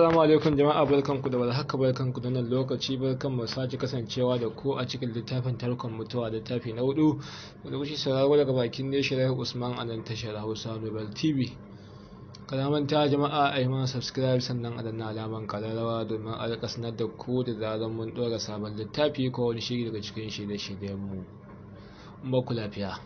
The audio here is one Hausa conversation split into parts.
Assalamu alaikum jama'a barkanku da warhaka barkanku da nan lokaci barkan mu sake kasancewa da ku a cikin littafin tarkon mutuwa littafi na hudu wanda kushi sauraro daga bakin ne shirai Usman a nan tashar Hausa Nobel TV. Kalaman ta jama'a a yi mana subscribe sannan a danna alaman kararrawa domin a rika sanar da ku da zaran mun ɗora sabon littafi ko wani shiri daga cikin shirye-shiryen mu. Ba ku lafiya.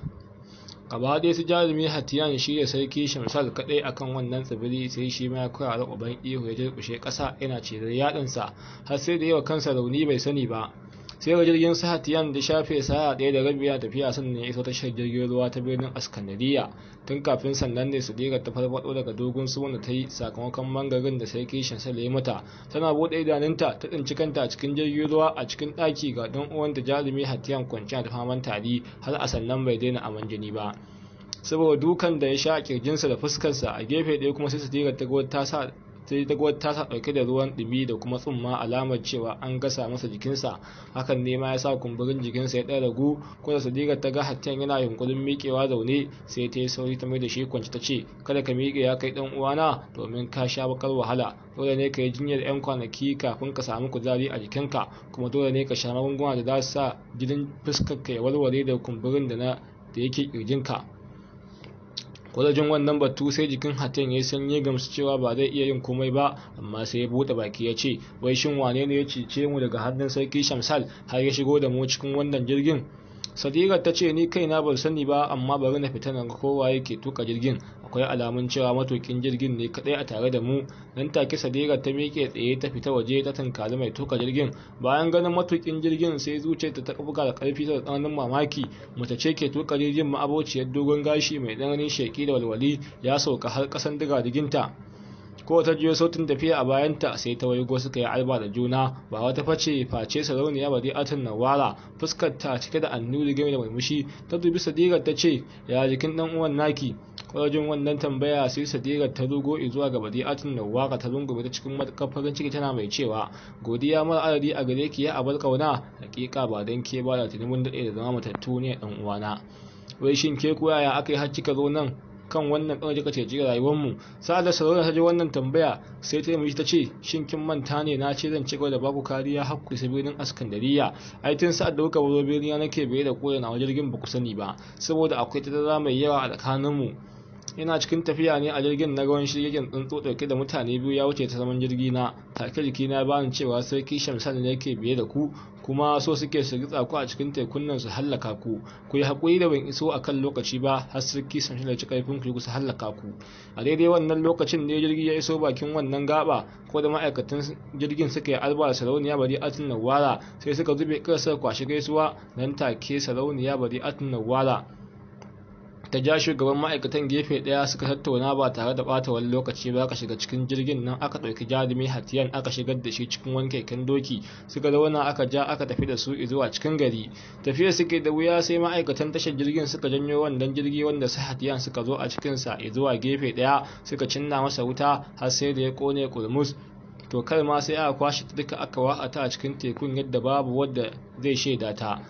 gaba dai su jarumi hatiyan shi da sarki shamsal kadai akan wannan tsibiri sai shi ma ya koya uban ihu ya jirkushe kasa yana cirar yadinsa har sai da yawa kansa rauni bai sani ba sai ga jirgin sahatiyan da shafe sa'a ɗaya da rabi ya tafiya sannan ne iso tashar jirgin ruwa ta birnin askanariya tun kafin sannan ne su dira ta farfado daga dogon suwan da ta yi sakamakon mangarin da sai kishin sa ya mata tana buɗe idanunta ta tsinci kanta a cikin jirgin ruwa a cikin ɗaki ga ɗan uwanta jarumi hatiyan kwanciya ta faman tari har a sannan bai daina aman jini ba saboda dukan da ya sha a kirjinsa da fuskarsa a gefe ɗaya kuma sai su dira ta ta sa sai ta ta dauke ɗauke da ruwan ɗumi da kuma tsumma alamar cewa an gasa masa jikinsa hakan ne ma ya sa kumburin jikinsa ya ɗan ragu ko da sadiqa ta ga hatten yana yunkurin miƙewa zaune sai ta yi sauri ta mai da shi kwanci ta ce kada ka miƙe ya kai ɗan uwana domin ka sha bakar wahala dole ne ka yi jinyar 'yan kwanaki kafin ka samu kuzari a jikinka kuma dole ne ka sha magunguna da za su sa jinin fuskarka ya warware da kumburin da na da yake kirjinka kwalajin wannan batu sai jikin hatin ya sanye gamsu cewa ba zai iya yin komai ba amma sai ya buɗe baki ya ce wai shin wane ne ya cece mu daga hannun sarki shamsal har ya shigo da mu cikin wannan jirgin sadirar ta ce ni kaina ban sani ba amma bari na fita nan kowa yake tuka jirgin akwai alamun cewa matukin jirgin ne kadai a tare da mu nan take sadirar ta miƙe tsaye ta fita waje ta tunkari mai tuka jirgin bayan ganin matukin jirgin sai zuciyarta ta buga da karfi ta tsananin mamaki mace ce ke tuka jirgin ma'abociyar dogon gashi mai tsananin sheki da walwali ya sauka har kasan diga diginta ko ta jiyo sautin tafiya a bayanta sai ta waigo suka yi alba da juna ba wata face face sarauniya ba Nauwara, nawara fuskar ta cike da annuri game da murmushi ta dubi sadirar ta ce ya jikin dan uwan naki kwarajin wannan tambaya sai sadirar ta rugo zuwa ga atan nawara ta rungume ta cikin matakar ciki tana mai cewa godiya mara adadi a gare ki ya abar kauna hakika ba dan ke ba da tuni dade da zama matattu ne dan uwana wai shin ke koyaya aka yi har kika zo nan kan wannan ƙarfi ka ceci rayuwarmu sa'ad da sarauna ta ji wannan tambaya sai ta yi ta ce shin kin manta ne na ce zan ci gaba da baku kariya har ku isa birnin askandariya ai tun sa'ad da kuka baro na nake bai da koyana wajen jirgin ba ku sani ba saboda akwai tattara mai yawa a tsakaninmu ina cikin tafiya ne a jirgin na gawan shirgin tsuntsu ɗauke da mutane biyu ya wuce ta zaman jirgi na take jiki na bani cewa sarki shamsan ne yake biye da ku kuma so suke su gitsa ku a cikin tekun nan su hallaka ku ku yi haƙuri da ban iso a kan lokaci ba har sarki shamsan da ci ƙarfin ku kusa hallaka ku a daidai wannan lokacin ne jirgi ya iso bakin wannan gaba ko da ma'aikatan jirgin suka yi alba da sarauniya bari atin nawara sai suka zube ƙasar kwashe gaisuwa nan take sarauniya bari atin nawara ta ja shugaban ma'aikatan gefe ɗaya suka tattauna ba tare da ɓata wani lokaci ba aka shiga cikin jirgin nan aka ɗauki jarumi hatiyan aka shigar da shi cikin wani keken doki suka zauna aka ja aka tafi da su zuwa cikin gari tafiya suke da wuya sai ma'aikatan tashar jirgin suka janyo wannan jirgi wanda su hatiyan suka zo a cikinsa zuwa gefe daya suka cinna masa wuta har sai da ya kone kulmus to kar ma sai aka kwashe duka aka wahata a cikin tekun yadda babu wadda zai shaida ta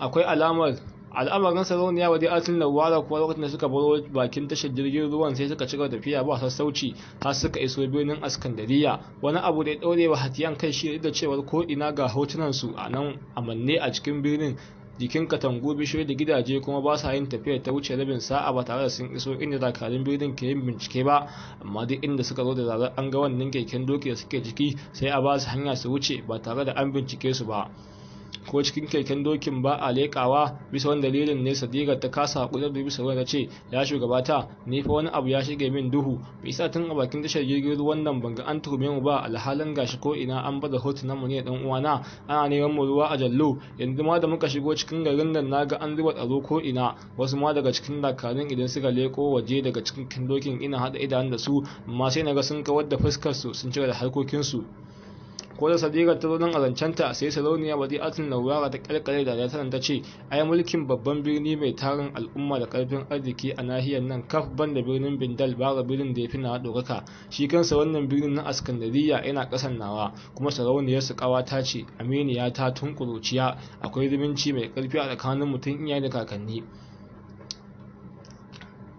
akwai alamar al'amarin sarauniya wadi dai'atun lawara kuwa lokacin da suka baro bakin tashar jirgin ruwan sai suka cigaba tafiya ba sassauci har suka iso birnin askandariya wani abu da ya ɗaure wa hatiyan kai shi da cewar ko ina ga hotunan su a nan amanne a cikin birnin jikin katangu bishiyoyi da gidaje kuma ba sa yin tafiya ta wuce rabin sa'a ba tare da sun iso inda dakarun birnin ke yin bincike ba amma duk inda suka zo da zarar an ga wannan keken doki da suke jiki sai a ba su hanya su wuce ba tare da an bincike su ba ko cikin keken dokin ba a leƙawa bisa wani dalilin ne sadiga ta kasa hakular da bisa wani ce ya shugabata ni fa wani abu ya shige min duhu bai isa tun a bakin tashar jirgin wannan banga ban ga an tuhume mu ba alhalin gashi ko ina an baza hotunan mu ne dan uwana ana neman mu ruwa a jallo yanzu ma da muka shigo cikin garin nan naga an zuba tsaro ko ina wasu ma daga cikin dakarun idan suka leko waje daga cikin dokin ina hada idan da su amma sai naga sun kawar da fuskar su sun cire da harkokin su ko da sadirar ta zonan azancenta sai sarauniya badi'atun naurara ta kalkare da rataran ta ce ai mulkin babban birni mai tarin al'umma da karfin arziki a nahiyar nan kaf ban da birnin bindal bara birnin da ya fi na dokaka shi kansa wannan birnin na askandariya yana kasan nawa kuma sarauniyar su ta ce aminiya ta tun akwai zumunci mai karfi a tsakanin mutum iyaye da kakanni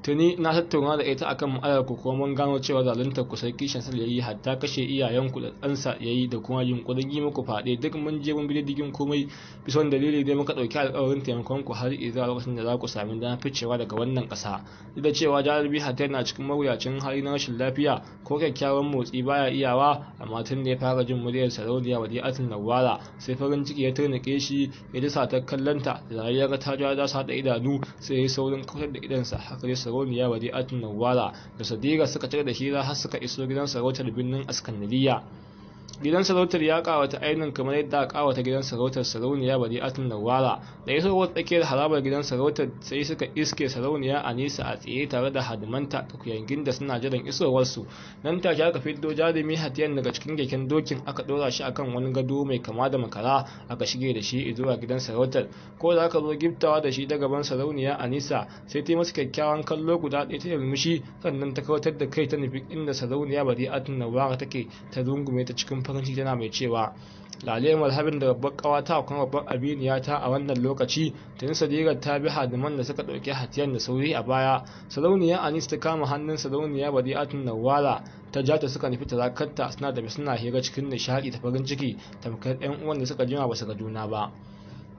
tuni na tattauna da ita akan ma'alar ku kuma mun gano cewa zaluntar ku sarki ya yayi hatta kashe iyayen ku da ɗansa yayi da kuma kudin yi muku fade duk mun je mun bi komai bisan dalili dai muka dauki alƙawarin taimakon ku har iza lokacin da za ku sami dana ficewa daga wannan ƙasa da cewa jarabi hatta na cikin mawuyacin hali na rashin lafiya ko kyakkyawan motsi baya iyawa amma tun da ya fara jin muryar sarauniya na nawala sai farin ciki ya ke shi ya dasa ta kallanta da rayuwar ta jawo da sa da idanu sai ya saurin kautar da idansa haka ya sarauniya wadi'atun nawala da sadira suka tare da hira har suka iso gidan sarautar birnin askandariya gidan sarautar ya kawata ainin kamar yadda a kawata gidan sarautar sarauniya bari'atun nawara da isowar tsakiyar harabar gidan sarautar sai suka iske sarauniya a nisa a tsaye tare da hadimanta da kuyangin da suna jiran isowarsu nan take aka fito jarumi hatiyan daga cikin keken dokin aka dora shi akan wani gado mai kama da makara aka shige da shi zuwa gidan sarautar ko da aka zo giftawa da shi da gaban sarauniya a nisa sai ta yi masa kyakkyawan kallo guda ɗaya ta yalmishi sannan ta kawatar da kai ta nufi inda sarauniya bari da nawara take ta rungume ta cikin kasance tana mai cewa lalemar harin da babbar kawata kuma babbar abiniya ta a wannan lokaci tun sadirar ta bi hadiman da suka ɗauki hatiyar da sauri a baya sarauniya anis ta kama hannun sarauniya badi'atun nawala ta ja ta suka nufi talakarta suna da suna hira cikin nishaɗi ta farin ciki tamkar yan uwan da suka jima ba su ga juna ba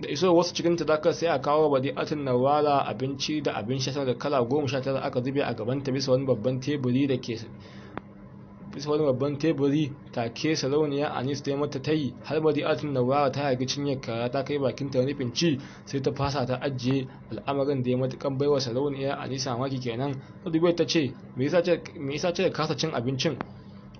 da iso wasu cikin talakar sai a kawo badi'atun nawala abinci da abin sha da kala goma sha tara aka zube a gaban ta bisa wani babban teburi da ke bisa wani babban teburi ta ke sarauniya anis ta yi mata ta yi har bari atin nawara ta yaki cinyar kara ta kai bakin ta nufin ci sai ta fasa ta ajiye al'amarin da ya matukan baiwa sarauniya anisa maki kenan ta ta ce me yasa ce kasa cin abincin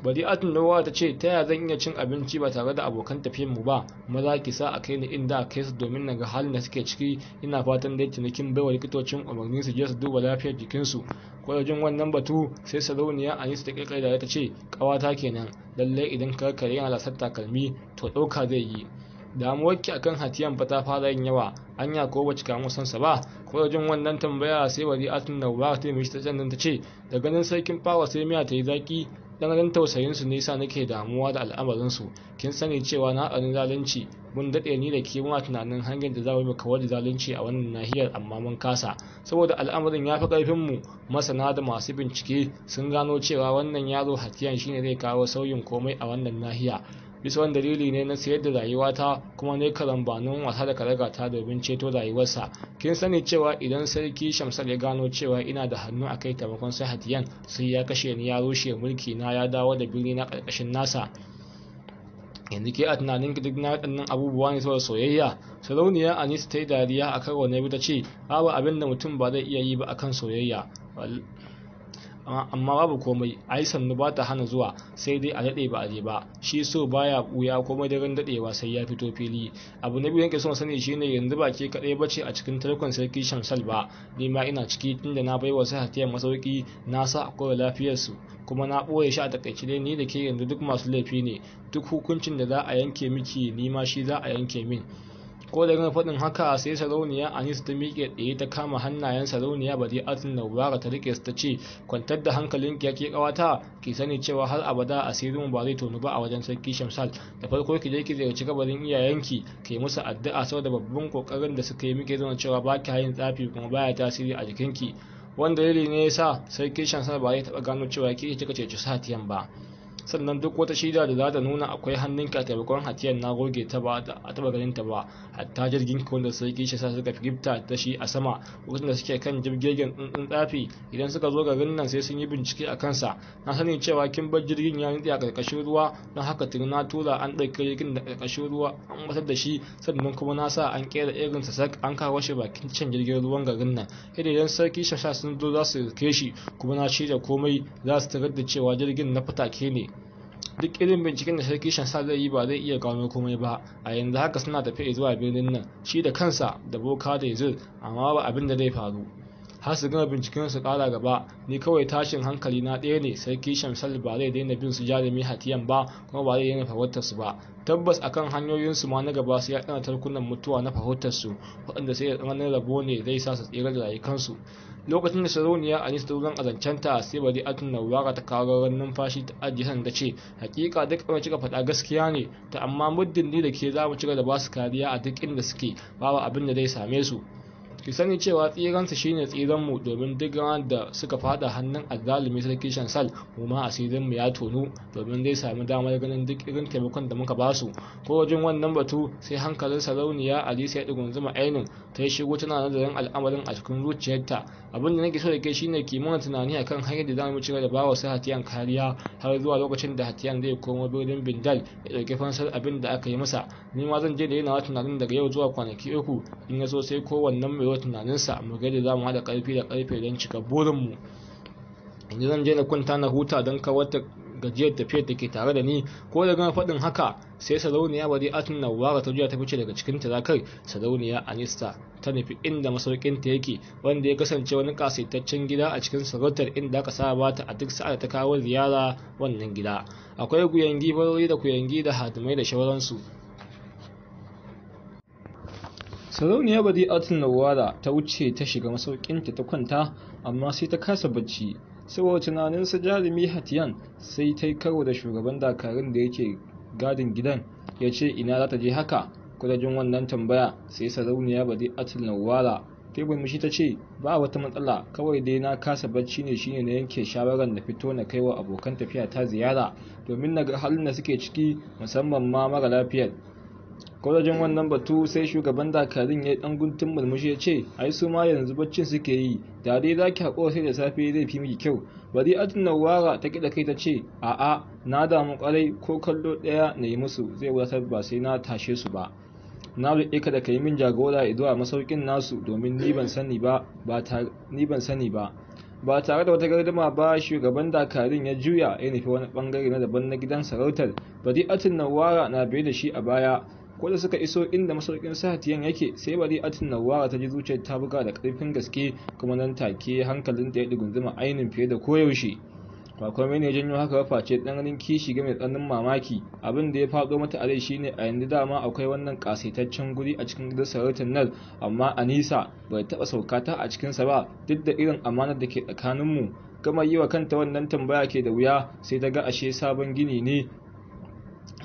bari'atun nawa ta ce ta yaya zan iya cin abinci ba tare da abokan tafiyan mu ba maza ki sa a kai ni inda kai su domin na ga halin da suke ciki ina fatan dai cinikin baiwa likitocin umarni su je su duba lafiyar jikinsu kwalajin wannan batu sai sarauniya su ta da ta ce kawata kenan lallai idan ka kare yana lasar takalmi to ɗauka zai yi damuwarki akan hatiyan fa ta fara yin yawa anya ko ba cika sansa ba ko wannan tambaya sai wari nawwa ta mishi ta mishi ta ce da ganin sarkin fawa sai miya ta yi zaki tsananin tausayinsu nisa nake damuwa da al'amarinsu kin sani cewa na ƙarin zalunci mun daɗe ni da ke muna tunanin hanyar da za mu kawar da zalunci a wannan nahiyar amma mun kasa saboda al'amarin ya fi ƙarfinmu masana da masu bincike sun gano cewa wannan yaro hatiyan shine zai kawo sauyin komai a wannan nahiya bisa wani dalili ne na sayar da rayuwata kuma ne karambanin wasa da karagata domin ceto rayuwarsa kin sani cewa idan sarki shamsal ya gano cewa ina da hannu a kai taimakon sai hatiyan sai ya kashe ni ya rushe mulki na ya dawo da birni na karkashin nasa yanzu ke a tunanin duk na waɗannan abubuwa ne saboda soyayya sarauniya anis ta yi dariya a karo na biyu ta ce babu abin da mutum ba zai iya yi ba akan soyayya amma babu komai a yi sannu ba ta hana zuwa sai dai a daɗe ba a je ba shi so baya ɓuya komai daren daɗewa sai ya fito fili abu na biyu yanke son sani shi ne yanzu ba ke kaɗai bace a cikin tarkon sarki shamsal ba ni ma ina ciki tunda na baiwa sai hatiyar masauki na sa lafiyar lafiyarsu kuma na ɓoye shi a takaice dai ni da ke yanzu duk masu laifi ne duk hukuncin da za a yanke miki ni ma shi za a yanke min ko da gama faɗin haka sai sarauniya anis ta miƙe tsaye ta kama hannayen sarauniya ba bari na nawara ta rike ta ce kwantar da hankalin ki yake kawata ki sani cewa har abada asirin ba zai tonu ba a wajen sarki shamsal da farko ki je ki ziyarci gabarin iyayenki ki musu addu'a saboda babban kokarin da suka yi miƙe zama cewa ba ki hayin tsafi kuma baya tasiri a jikin ki wanda dalili ne ya sa sarki shamsal ba zai taɓa gano cewa ki kika ceci satiyan ba sannan duk wata shida da za ta nuna akwai hannunka a taimakon hatiyar na goge ta ba a taba ganin ta ba hatta jirgin ki wanda sarki shi sa suka fifta ta shi a sama wanda da suke kan jirgin tsuntsun tsafi idan suka zo garin nan sai sun yi bincike a kansa na sani cewa kin bar jirgin ya nutse a karkashin ruwa don haka tuni na tura an ɗauki jirgin da karkashin ruwa an batar da shi sannan kuma na sa an kera irin sa sak an kawo shi bakin can jirgin ruwan garin nan idan idan sarki shasha sun zo za su kai shi kuma na shirya komai za su tarar da cewa jirgin na fitake ne duk irin binciken da sarki shansa zai yi ba zai iya gano komai ba a yanzu haka suna tafiya zuwa birnin nan shi da kansa da boka da yazid amma ba abin da zai faru har su gama binciken su kara gaba ni kawai tashin hankali na ɗaya ne sarki shamsal ba zai daina bin su jarumi hatiyan ba kuma ba zai daina fahimtar su ba tabbas akan hanyoyin su ma na gaba su ya tsana tarkunan mutuwa na farautar su waɗanda sai da tsananin rabo ne zai sa su tsira da rayukan su lokacin da sarauniya a nista ruwan a sai bari atun naurara ta kararar numfashi ta ajiye sanda ce hakika duk kamar cika faɗa gaskiya ne ta amma muddin ni da ke za mu cika da basu kariya a duk inda suke babu abin da zai same su ki sani cewa tsiransu shine tsiranmu domin duk ranar da suka fada hannun azzalumi sarki shansal mu ma asirinmu ya tonu domin zai sami damar ganin duk irin taimakon da muka basu ko wajen wannan batu sai hankalin sarauniya alisa ya ɗigunzuma ainin ta yi shigo tana nazarin al'amarin a cikin zuciyarta abin da nake so da ke shine kimanin tunani akan hanyar da za mu ci da ba sai hatiyan kariya har zuwa lokacin da hatiyan zai koma birnin bindal ya ɗauki fansar abin da aka yi masa ni ma zan je da yana tunanin daga yau zuwa kwanaki uku in ya so sai kowannen mai wa tunaninsa mu gaida za mu haɗa ƙarfi da ƙarfe don cika burinmu inda zan je na kwanta na huta don kawar ta gajiyar tafiyar da ke tare da ni ko da gama faɗin haka sai sarauniya bari atun wara ta juya ta fice daga cikin tirakar sarauniya a nista ta nufi inda masaukinta yake wanda ya kasance wani kasaitaccen gida a cikin sarautar inda aka saba ta a duk sa'ar ta kawo ziyara wannan gida akwai guyangi barori da kuyangi da hadimai da shauransu sarauniya ba badi'atun nawara ta wuce ta shiga masaukinta ta kwanta amma sai ta kasa bacci saboda tunanin sa jarumi hatiyan sai ta karo da shugaban dakarun da yake gadin gidan ya ce ina za ta je haka jin wannan tambaya sai sarauniya ba badi'atun nawara ta yi ta ce ba wata matsala kawai dai na kasa bacci ne shine na yanke shawarar na fito na kai wa abokan tafiya ta ziyara domin na ga halin da suke ciki musamman ma mara lafiyar kwadajen wannan batu sai shugaban dakarun ya dan guntun mulmushi ya ce ai su ma yanzu baccin suke yi da dai za ki haƙura sai da safe zai fi miki kyau bari atin nawara ta da kai ta ce a'a na damu kwarai ko kallo ɗaya na yi musu zai wadatar ba sai na tashe su ba na roƙe ka da ka yi min jagora zuwa masaukin nasu domin ni ban sani ba ba tare da wata gardama ba shugaban dakarun ya juya ya nufi wani bangare na daban na gidan sarautar bari atin nawara na bai da shi a baya ko da suka iso inda masaukin sahatiyan yake sai bari atin nawara ta ji zuciyar ta buga da karfin gaske kuma nan take hankalin da ya digunzuma ainin fiye da koyaushe ba kuma ne janyo haka ba face ɗanganin kishi game da tsananin mamaki abin da ya fado mata a rai shine a yanzu dama akwai wannan kasaitaccen guri a cikin gidan sarautar nan amma anisa bai taɓa saukata a cikinsa ba duk da irin amanar da ke tsakaninmu gama yi wa kanta wannan tambaya ke da wuya sai ta ga ashe sabon gini ne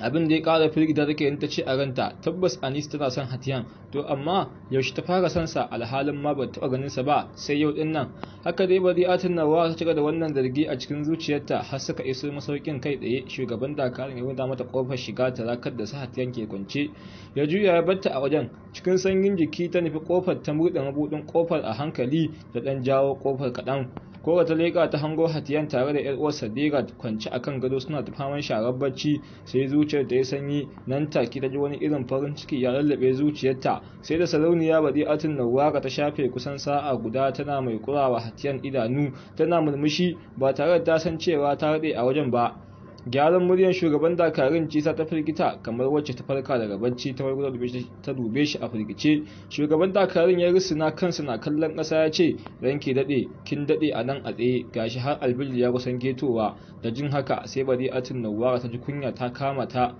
abin da ya kara firgita take in ta ce a ranta tabbas anis tana son hatiyan to amma yaushe ta fara son sa alhalin ma ba taɓa ganin sa ba sai yau din nan haka dai bari'atun nawa ta cika da wannan zargi a cikin zuciyarta har suka iso masaukin kai tsaye shugaban dakarun ya wada mata kofar shiga ta rakar da sa hatiyan ke kwance ya juya ya batta a wajen cikin sanyin jiki ta nufi kofar ta murɗe mabuɗin kofar a hankali da dan jawo kofar kaɗan ko ta leƙa ta hango Hatiyan tare da 'yar uwar kwanci kwance kan gado suna faman sharar bacci sai zuciyar ta yi sanyi nan take ta ji wani irin farin ciki ya lallabe zuciyarta sai da sarauniya Badi'atun nawaka ta shafe kusan sa'a guda tana mai kurawa Hatiyan idanu tana murmushi ba tare da ta san cewa ta rade a wajen ba. gyaran muryar shugaban dakarun ce ta firgita kamar wacce ta farka daga bacci ta farko ta dube shi a firgice shugaban dakarun ya risina kansa na kallon ƙasa ya ce ranke daɗe kin daɗe a nan a tsaye ga shi har albilli ya kusan getowa da jin haka sai bari atin nawara ta ji kunya ta kama ta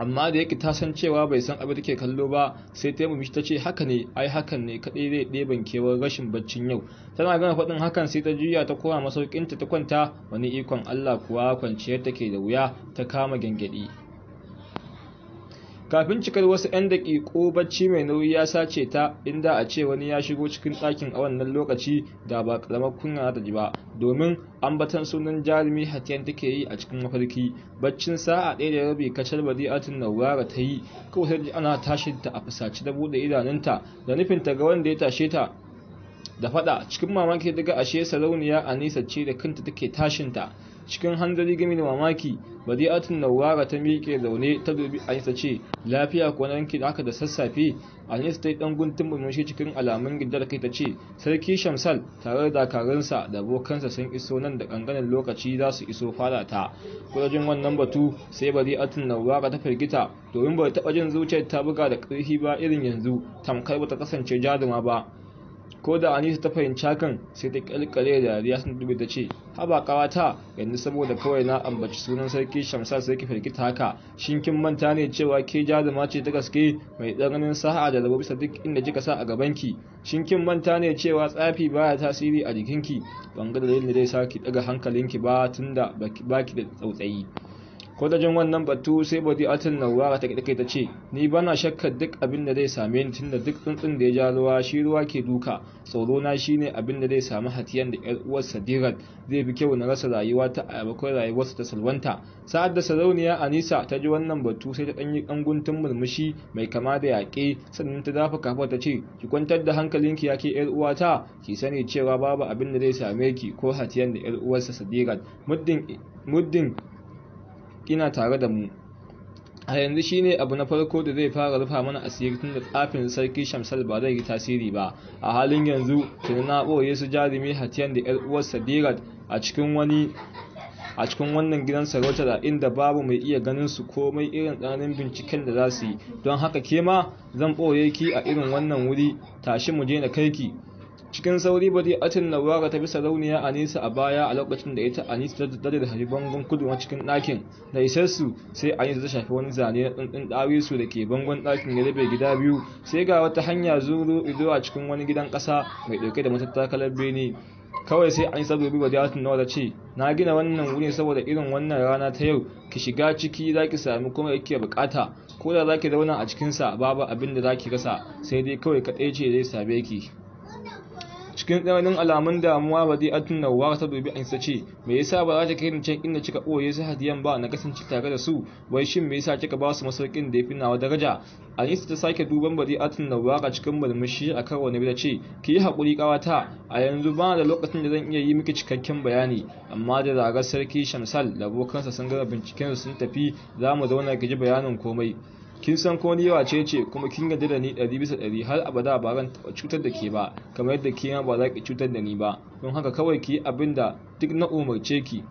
amma da yake ta san cewa bai san abin da ke kallo ba sai ta murmushi ta ce haka ne ai hakan ne kadai zai ɗeban kewar rashin baccin yau tana gama faɗin hakan sai ta juya ta koma masaukinta ta kwanta wani ikon Allah kuwa kwanciyar take da wuya ta kama gyangyaɗi kafin cikar wasu 'yan daƙiƙo bacci mai nauyi ya sace ta inda a ce wani ya shigo cikin ɗakin a wannan lokaci da ba ƙaramar kunya ta ji ba domin ambatan sunan jarumi hatiyan take yi a cikin mafarki baccin sa'a ɗaya da rabi kacal zai naurara ta yi kawai sai ana tashi ta a fusace da buɗe idanunta da nufin ta ga wanda ya tashe ta da faɗa cikin mamaki daga ashe sarauniya a nisa ce da kanta take tashinta cikin hanzari gami da mamaki badi'atun nawara ta miƙe zaune ta dubi anisa ce lafiya ko nan ki haka da sassafe anisa ta yi dan guntun murmushi cikin alamun gindar kai ta ce sarki shamsal tare da dakarunsa da bokansa sun iso nan da kankanin lokaci za su iso fara ta wannan batu sai badi'atun nawara ta firgita domin ba taɓa jin zuciyar ta buga da ƙarfi ba irin yanzu tamkar ba ta kasance jaruma ba ko da anisa ta fahimci hakan sai ta kalkale da dariya sun dubi ta ce haba kawata yanzu saboda kawai na ambaci sunan sarki shamsa sai ki firgita haka shin kin manta ne cewa ke jazuma ce ta gaske mai tsananin sa'a da rabo bisa duk inda kika sa a gaban ki shin kin manta ne cewa tsafi baya tasiri a jikinki ban ga dalilin da zai sa ki daga hankalinki ba tunda baki da tsautsayi ko wannan batu sai bodi atin nawara ta kike ta ce ni bana shakkar duk abin da zai same ni tunda duk tsuntsun da ya ja ruwa shi ruwa ke duka tsoro na shine abin da zai samu hatiyan da ƴar uwar sadirat zai fi kyau na rasa rayuwa ta a bakon rayuwarsa ta salwanta sa'ad da sarauniya anisa ta ji wannan batu sai ta danyi kanguntun murmushi mai kama da yaƙe sannan ta dafa kafa ta ce ki kwantar da hankalinki yake yar uwata ki sani cewa babu abin da zai same ki ko hatiyan da yar sadirat muddin muddin yana tare da mu a yanzu shine abu na farko da zai fara rufa mana asiri tun da tsafin sarki shamsal ba zai yi tasiri ba a halin yanzu tuni na ɓoye su jarumi hatiyan da 'yar uwarsa a cikin wannan gidan sarauta da inda babu mai iya ganin su komai irin tsananin binciken da za su yi don haka ke ma zan ɓoye ki a irin wannan wuri tashi mu je na kai ki cikin sauri bari atin nawara ta bi sarauniya anisa a baya a lokacin da ita anisa ta dare da bangon kudu cikin ɗakin da isar su sai anisa ta shafi wani zane na tsuntsun ɗawi su da ke bangon ɗakin ya rabe gida biyu sai ga wata hanya zuru ido a cikin wani gidan ƙasa mai ɗauke da matattakalar bene kawai sai anisa dubi wadatun nawa da ce na gina wannan wuri saboda irin wannan rana ta yau ki shiga ciki za ki sami kuma yake bukata ko da za ki zauna a cikinsa babu abin da za ki rasa sai dai kawai kaɗai ce zai same ki cikin tsananin alamun damuwa ba zai atun nawar ta dubi an ce mai yasa ba za ta kai ni can inda kika ɓoye su hadiyan ba na kasance tare da su wai shin me yasa kika ba su masaukin da ya fi nawa daraja anisa ta sake duban ba zai atun nawar cikin murmushi a kan wani da ce ki yi hakuri ƙawata a yanzu ba da lokacin da zan iya yi miki cikakken bayani amma da zagar sarki shamsal da abokansa sun binciken su sun tafi za mu zauna ki ji bayanin komai kin san ko ni yawa ce kuma kin yarda da ni ɗari bisa ɗari har abada ba ran cutar da ke ba kamar yadda ke ba za ki cutar da ni ba don haka kawai ki yi abin da duk na umarce ki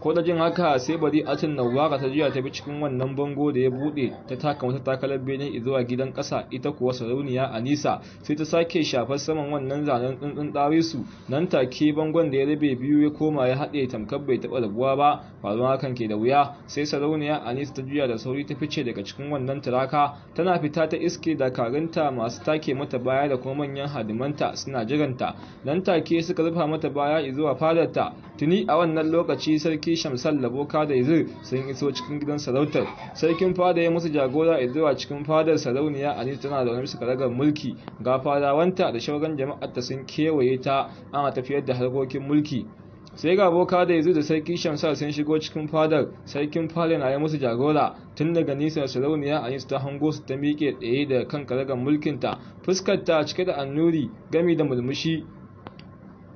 ko da jin haka sai bari atin ga ta jiya ta bi cikin wannan bango da ya bude ta taka wata takalar benin zuwa gidan kasa ita kuwa sarauniya anisa sai ta sake shafar saman wannan zanen tsuntsun ɗare su nan take bangon da ya rabe biyu ya koma ya haɗe tamkar bai taɓa rabuwa ba faruwa hakan ke da wuya sai sarauniya anisa ta juya da sauri ta fice daga cikin wannan turaka tana fita ta iske dakarunta masu take mata baya da kuma manyan hadimanta suna jiranta nan take suka rufa mata baya zuwa fadarta tuni a wannan lokaci sarki sarki shamsal da boka da izir sun iso cikin gidan sarautar sarkin fada ya musu jagora izuwa cikin fadar sarauniya aziz tana da wani ragar mulki ga fadawanta da shauran jama'ar ta sun kewaye ta ana tafiyar da harkokin mulki sai ga boka da yanzu da sarki shamsal sun shigo cikin fadar sarkin fadar na yi musu jagora tun daga nisa sarauniya a ta hango su ta miƙe tsaye da kan karagar mulkinta fuskar ta cike da annuri gami da mulmushi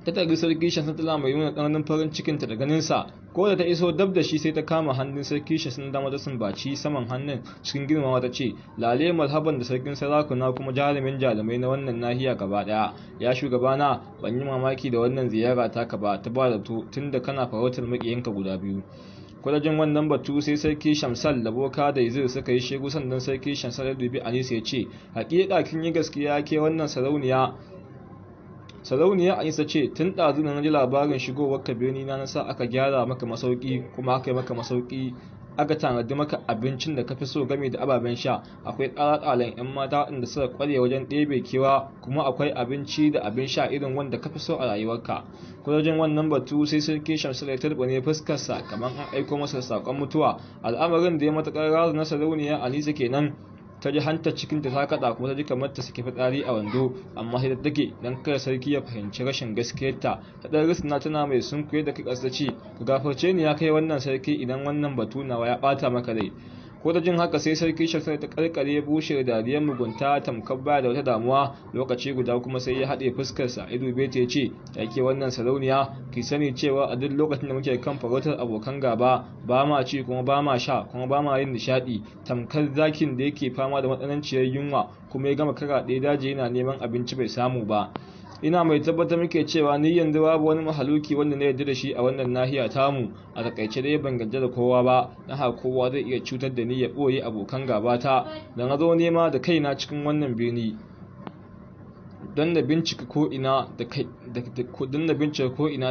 ta tari sarki shamsun tana mai nuna tsananin farin cikinta da ganinsa ko da ta iso dab da shi sai ta kama hannun sarki shamsun dama ta baci saman hannun cikin girmama ta ce lale marhaban da sarkin sarakuna kuma jarumin jarumai na wannan nahiya gaba daya ya shugabana ban yi mamaki da wannan ziyara taka ba ta ba da tunda kana farautar makiyanka guda biyu kwadajin wannan batu sai sarki shamsal da boka da izir suka yi shegu sandan sarki shamsal ya dubi anisa ya ce hakika kin yi gaskiya ke wannan sarauniya sarauniya anisa ce tun ɗazu na ji labarin shigowar ka birni na nasa aka gyara maka masauki kuma aka yi maka masauki aka tanadi maka abincin da ka fi so game da ababen sha akwai ƙaraƙalan 'yan mata inda suka kware wajen ɗebe kewa kuma akwai abinci da abin sha irin wanda ka fi so a rayuwarka kurajin wannan batu sai sarki shamsu da turba ne fuskarsa kamar an aiko masa saƙon mutuwa al'amarin da ya matuƙar razu na sarauniya anisa kenan ta ji hanta cikin ta ta kada kuma ta ji kamar ta saki fitsari a wando amma sai ta dake dan kada sarki ya fahimci rashin gaskiyarta ta dan risna tana mai sunkuye da kai kasace ka gafarce ni ya kai wannan sarki idan wannan batu nawa ya bata maka dai. ko da jin haka sai sarki shaksai ta karkare bushe da dariyar mugunta tamkar baya da wata damuwa lokaci guda kuma sai ya haɗe fuskarsa ido bai ya ce yake wannan sarauniya ki sani cewa a duk lokacin da muke kan farautar abokan gaba ba ma ci kuma ba ma sha kuma ba ma yin nishaɗi tamkar zakin da yake fama da matsananciyar yunwa kuma ya gama karaɗe daji yana neman abinci bai samu ba ina mai tabbatar muke cewa ni yanzu babu wani mahaluki wanda na yarda da shi a wannan nahiya tamu a takaice dai ban gaje da kowa ba na ha kowa zai iya cutar da ni ya boye abokan gabata da na zo nema da kaina cikin wannan birni dan na bincika ko ina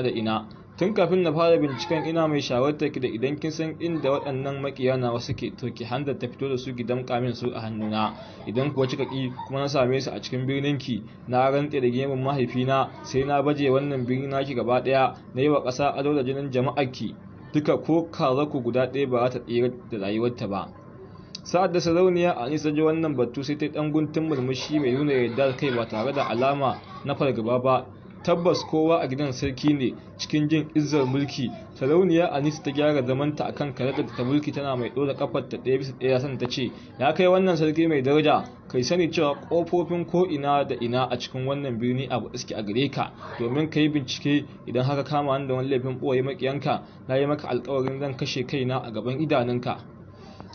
da ina tun kafin na fara binciken ina mai shawartar ki da idan kin san inda waɗannan makiya wasu suke to ki handa ta fito da su gidan kamin su a hannuna idan kuwa kika ki kuma na same su a cikin birnin ki na rantse da gemun mahaifina sai na baje wannan birni naki gaba ɗaya na yi wa ƙasa ado da jinin jama'ar ki duka ko kaza ku guda ɗaya ba za ta tsira da rayuwarta ba sa'ad da sarauniya a nisa ji wannan batu sai ta ɗan guntun murmushi mai nuna yarda kai ba tare da alama na fargaba ba tabbas kowa a gidan sarki ne cikin jin izzar mulki sarauniya anis ta gyara zamanta akan karagar ta mulki tana mai dora kafar ta ɗaya bisa ɗaya san ta ce ya kai wannan sarki mai daraja kai sani cewa kofofin ko ina da ina a cikin wannan birni abu iski a gare ka domin ka yi bincike idan haka kama wanda wani laifin ɓoye maƙiyanka na yi maka alkawarin zan kashe kaina a gaban idanunka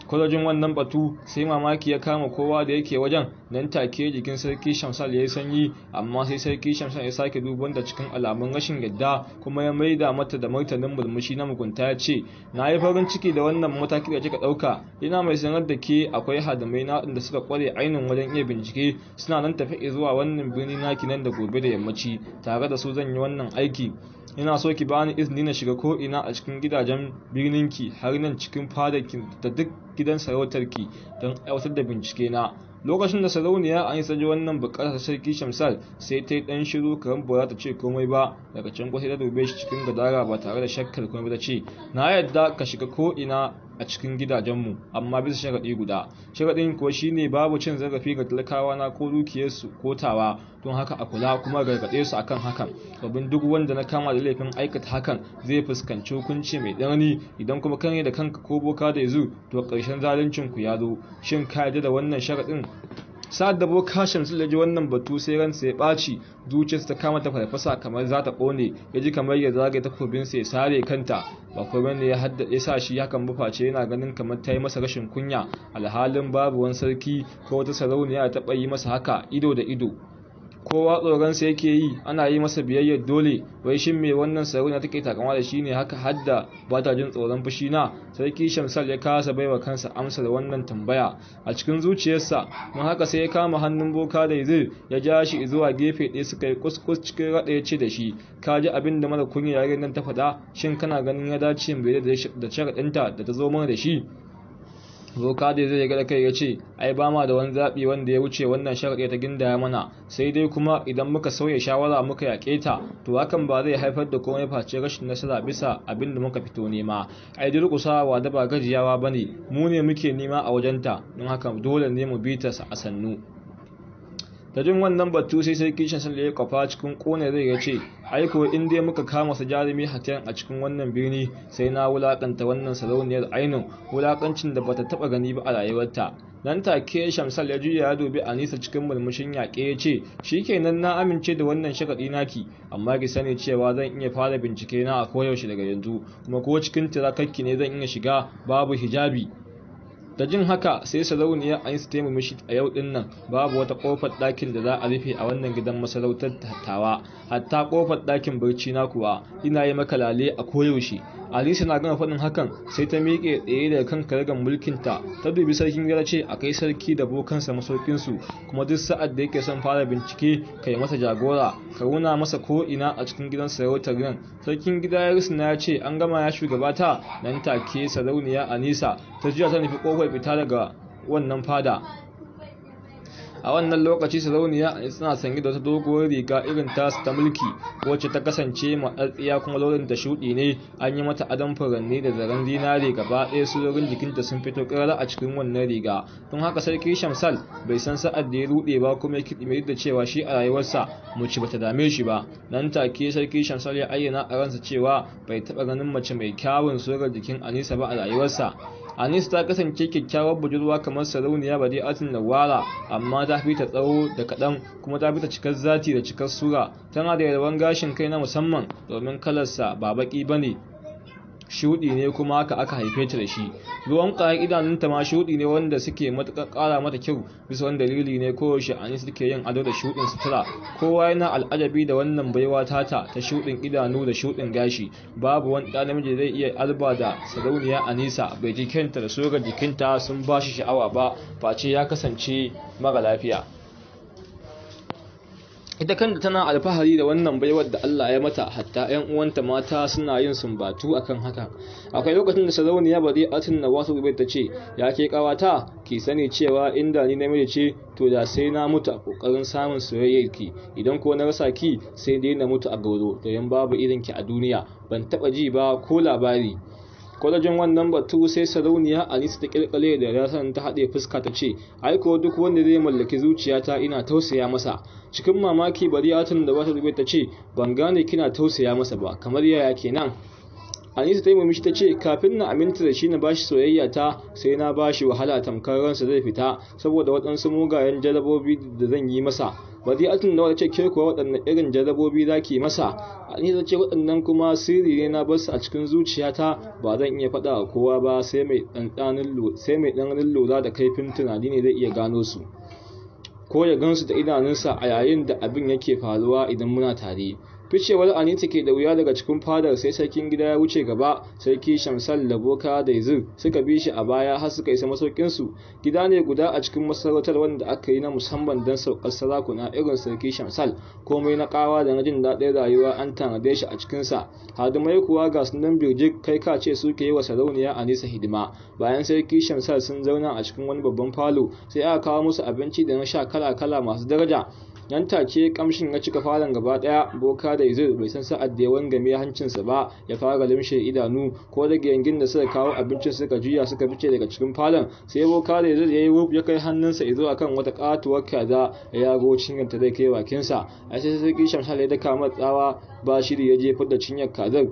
kwadajin wannan batu sai mamaki ya kama kowa da yake wajen nan take jikin sarki shamsal ya yi sanyi amma sai sarki shamsal ya sake duban da cikin alamun rashin yadda kuma ya maida mata da martanin murmushi na mugunta ya ce na yi farin ciki da wannan mataki da kika ɗauka ina mai sanar da ke akwai hadamai na da suka kware ainihin wajen iya bincike suna nan tafi zuwa wannan birni naki nan da gobe da yammaci tare da su zan yi wannan aiki ina so ki bani izini na shiga ko ina a cikin gidajen birninki har nan cikin fadakin da duk gidan sarautar ki don aiwatar da bincike na lokacin da sarauniya an yi saje wannan bukatar sarki shamsal sai ta yi dan shiru karan bora ta ce komai ba daga can kwasai ta dube shi cikin gadara ba tare da shakkar komai ta ce na yadda ka shiga ko ina a cikin gidajenmu amma bisa shagadi guda shagadin kuwa shine babu cin zarafi ga talakawa na ko dukiyarsu ko tawa don haka a kula kuma gargaɗe su akan hakan babin duk wanda na kama da laifin aikata hakan zai fuskanci hukunci mai tsanani idan kuma kan da kanka ko boka da yazu to ƙarshen zaluncin ku ya zo shin ka yarda da wannan shagadin? sa'ad da boka shamsu da ji wannan batu sai ransa ya ɓaci zuciyarsa ta kama ta farfasa kamar za ta ƙone ya ji kamar ya zagaye takobin ya sare kanta ba komai ne ya haddade sa shi hakan ba face yana ganin kamar ta yi masa rashin kunya alhalin babu wani sarki ko wata sarauniya ta taɓa yi masa haka ido da ido kowa tsoronsa yake yi ana yi masa biyayyar dole wai shin me wannan sarauniya take takama da shi ne haka hadda ba ta jin tsoron fushi na sarki shamsal ya kasa bai wa kansa amsar wannan tambaya a cikin zuciyarsa mun haka sai ya kama hannun boka da izir ya ja shi zuwa gefe ɗaya suka yi kuskus cikin raɗa ya ce da shi ka ji abin da mara kunya yaren nan ta faɗa shin kana ganin ya dace mai da sharaɗinta da ta zo mana da shi boka da zai gada kai ya ce ai ba ma da wani zaɓi wanda ya wuce wannan sharaɗi ta gindaya mana sai dai kuma idan muka sauya shawara muka yaƙe ta to hakan ba zai haifar da komai face rashin nasara bisa abin da muka fito nema ai durƙusawa da ba gajiyawa bane mu ne muke nema a wajenta don haka dole ne mu bi ta a sannu da jin wannan batu sai sai kishin sun ya kwafa cikin kone zai ya ce aiko in dai muka kama su jarumi hatiyan a cikin wannan birni sai na wulakanta wannan sarauniyar ainun wulakancin da bata taɓa gani ba a rayuwarta nan take shamsal ya juya ya dubi anisa cikin murmushin yaƙe ya ce shikenan na amince da wannan shakaɗi naki amma ki sani cewa zan iya fara bincike na a koyaushe daga yanzu kuma ko cikin tirakakki ne zan iya shiga babu hijabi da jin haka sai sarauniyar einstein mishi a yau din nan babu wata kofar ɗakin da za a rufe a wannan gidan masarautar tattawa hatta kofar ɗakin barci na kuwa ina yi makalale a koyaushe alisa na gama faɗin hakan sai ta miƙe tsaye daga kan karagar mulkinta ta dubi sarkin gara ce a kai sarki da bokansa masaukinsu kuma duk sa'ad da yake son fara bincike ka yi masa jagora ka runa masa ko ina a cikin gidan sarautar nan sarkin gida ya rusuna ya ce an gama ya shugabata nan take sarauniya anisa ta jiya ta nufi kofar kawai fita daga wannan fada a wannan lokaci sarauniya suna sanye da wata doguwar riga irin tasu ta mulki wacce ta kasance matsatsiya kuma launin ta shuɗi ne an yi mata adon furanni da zaren zinare gaba ɗaya surorin jikinta sun fito ƙirar a cikin wannan riga tun haka sarki shamsal bai san sa'ad da ya ruɗe ba kuma ya kiɗi da cewa shi a rayuwarsa mace bata dame shi ba nan take sarki shamsal ya ayyana a ransa cewa bai taɓa ganin mace mai kyawun surar jikin anisa ba a rayuwarsa anis ta kasance kyakkyawar bujurwa kamar sarauniya ba badi'atin nawara amma ta fi ta tsawo da kaɗan kuma ta fi ta cikar zati da cikar sura tana da yawan gashin kai na musamman domin kalarsa ba baƙi ba ne shudi ne kuma haka aka haife ta da shi ruwan kayan idanunta ma shudi ne wanda suke matuƙar ƙara mata kyau bisa wani dalili ne ko sha'ani suke yin ado da shudin sutura kowa yana al'ajabi da wannan baiwa tata ta shudin idanu da shudin gashi babu wani ɗan namiji zai iya alba da sarauniya a anisa bai jikinta da sogar jikinta sun ba shi sha'awa ba face ya kasance mara lafiya ita kanta tana alfahari da wannan baiwar da Allah ya mata hatta 'yan uwanta mata suna yin sumbatu akan haka akwai lokacin da sarauniya bari atin na wasu rubai ta ce ya ke kawata ki sani cewa inda ni namiji ce to da sai na mutu a kokarin samun soyayyar ki idan ko na rasa ki sai dai na mutu a gauro domin babu irin ki a duniya ban taba ji ba ko labari kwalajin wannan batu sai sarauniya anisa ta kirkale da rasan ta haɗe fuska ta ce aiko duk wanda zai mallaki zuciyata ina tausaya masa cikin mamaki bari tun da ta rubuta ta ce ban gane kina tausaya masa ba kamar yaya kenan Anisa ta yi mamishi ta ce kafin na aminta da shi na bashi soyayya ta sai na bashi wahala tamkar ransa zai fita saboda waɗansu mugayen jarabobi da zan yi masa da nawa ce ke kuwa waɗannan irin jarabobi za ki masa a ni zai ce waɗannan kuma sirri ne na basu a cikin zuciyata ba zan iya faɗa a kowa ba sai mai ɗanɗanin lura da kaifin tunani ne zai iya gano su ko ya gansu da idanunsa a yayin da abin yake faruwa idan muna tare ficewar anita ke da wuya daga cikin fadar sai sarkin gida ya wuce gaba sarki shamsal da boka da izir suka bi shi a baya har suka isa masaukin su gida ne guda a cikin masarautar wanda aka yi na musamman don saukar sarakuna irin sarki shamsal komai na kawa da na jin daɗin rayuwa an tanade shi a cikinsa hadimai kuwa ga sunan birjik kai ka ce suke yi wa sarauniya a nisa hidima bayan sarki shamsal sun zauna a cikin wani babban falo sai aka kawo musu abinci da na sha kala-kala masu daraja nan take kamshin ya cika falon gaba daya boka da izir bai san sa'ad da ya wangame hancinsa ba ya fara limshe idanu ko rage yangin da suka kawo abincin suka juya suka fice daga cikin falon sai boka da izir ya wuf ya kai hannunsa izo akan wata katuwar kaza ya yago ta zai kai bakinsa a sai sai kishan shalai da kama tsawa ba shiri ya jefar da cinyar kazar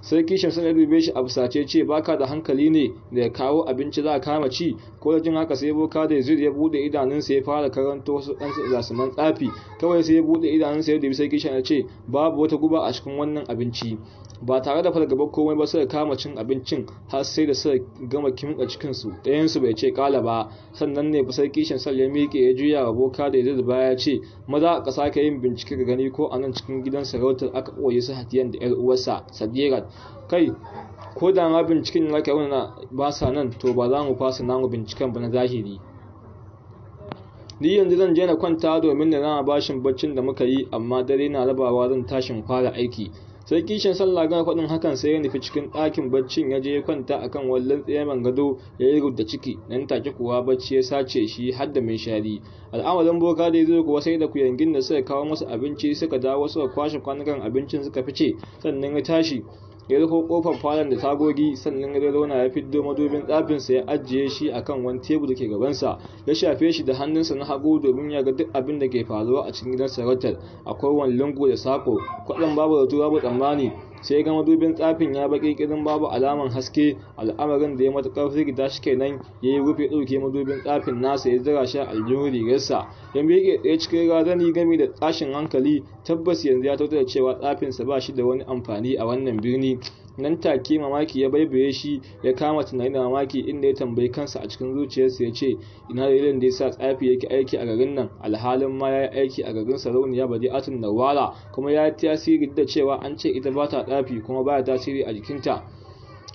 sarki shamsun ya dube shi a fusace ce baka da hankali ne da ya kawo abinci za a kama ci ko da jin haka sai boka da yazid ya bude idanunsa ya fara karanto wasu ɗan zasuman tsafi kawai sai ya bude idanunsa ya dubi sai kishin ya ce babu wata guba a cikin wannan abinci ba tare da fargaba komai ba suka kama cin abincin har sai da suka gama kimka cikinsu su bai ce kala ba sannan ne fa sai kishin sal ya miƙe ya juya wa boka da ya baya ya ce maza ka sake yin bincike ga gani ko a nan cikin gidan sarautar aka ɓoye su hatiyan da yar uwarsa sadiqat kai ko da ma binciken na wannan ba sa nan to ba za mu fasa namu binciken ba na zahiri ni yanzu zan je na kwanta domin na na bashin baccin da muka yi amma dare na rabawa zan tashin fara aiki sai kishin sallah gana kwadin hakan sai ya nufi cikin ɗakin baccin ya je ya kwanta akan wallan tsayaman gado ya yi rubuta ciki nan take kuwa bacci ya sace shi har da mai shari al'amarin boka da ya zo kuwa sai da kuyangin da suka kawo masa abinci suka dawo suka kwashe kwanukan abincin suka fice sannan ya tashi ya rufo kofar falon da tagogi sannan ya zauna ya fiddo madubin tsafinsa ya ajiye shi a kan wani tebur da ke gabansa ya shafe shi da hannunsa na hagu domin ya ga duk abin da ke faruwa a cikin gidan sarautar akwai wani lungu da sako kwaɗan babu da babu tsammani sai ga madubin tsafin ya baki kirin babu alaman haske al'amarin da ya matukar firgita shi kenan ya yi rufe ɗauke madubin tsafin nasa ya zira shi aljihun rigarsa ya miƙe tsaye cikin razani gami da tashin hankali tabbas yanzu ya tautar da cewa tsafinsa ba shi da wani amfani a wannan birni nan take mamaki ya baibaye shi ya kama tunani da mamaki inda ya tambayi kansa a cikin zuciyarsa ya ce ina dalilin da ya sa tsafi yake aiki a garin nan alhalin ma ya yi aiki a garin sarauniya da wala kuma ya yi tasiri da cewa an ce ita ba ta tsafi kuma ba tasiri a jikinta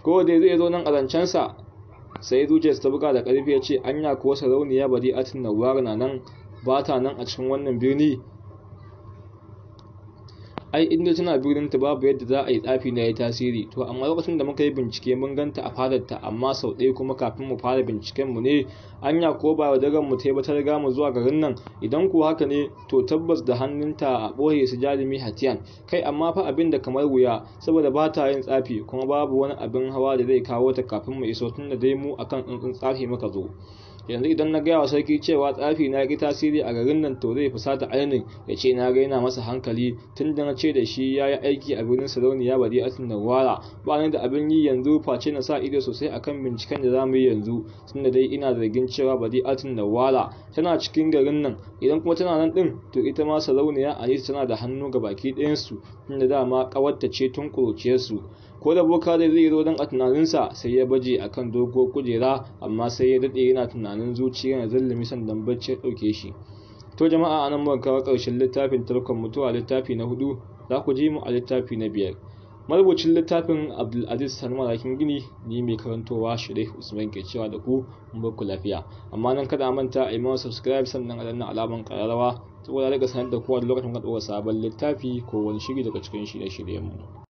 ko da zai zo nan a zancensa sai zuciyarsa ta buga da karfi ya ce anya kuwa sarauniya da nawala na nan ba ta nan a cikin wannan birni ai inda tana ta babu yadda za a yi tsafi na ya tasiri to amma lokacin da muka yi bincike mun ganta a fadarta amma sau ɗaya kuma kafin mu fara binciken mu ne anya ko ba wa daren mu ta ba ta riga mu zuwa garin nan idan ko haka ne to tabbas da hannunta a ɓoye su jarumi hatiyan kai amma fa abin da kamar wuya saboda ba ta yin tsafi kuma babu wani abin hawa da zai kawo ta kafin mu iso tun da dai mu akan tsuntsun tsafi muka zo yanzu idan na gaya wa sarki cewa tsafi na yi tasiri a garin nan to zai fusata ainin ya ce na yana masa hankali tun da na ce da shi ya yi aiki a birnin sarauniya bari asin wara ba ni da abin yi yanzu face na sa ido sosai akan binciken da za mu yi yanzu tun da dai ina zargin cewa bari asin wara tana cikin garin nan idan kuma tana nan din to ita ma sarauniya anisa tana da hannu ga baki ɗayansu tun da dama ƙawarta ce tun ƙuruciyarsu ko da boka zai zo don a tunaninsa sai ya baje akan dogo kujera amma sai ya daɗe yana tunanin tunanin zuciya yana zallami sandan bacci ya ɗauke shi to jama'a anan muka kawo ƙarshen littafin tarkon mutuwa littafi na hudu za ku ji mu a littafi na biyar marubucin littafin abdulaziz sanmarakin gini ni mai karantowa shirai usman ke cewa da ku mun ku lafiya amma nan kada manta a yi mana subscribe sannan a danna alaman kararrawa saboda daga sanar da kowa lokacin kaɗuwar sabon littafi ko wani shiri daga cikin shirye mu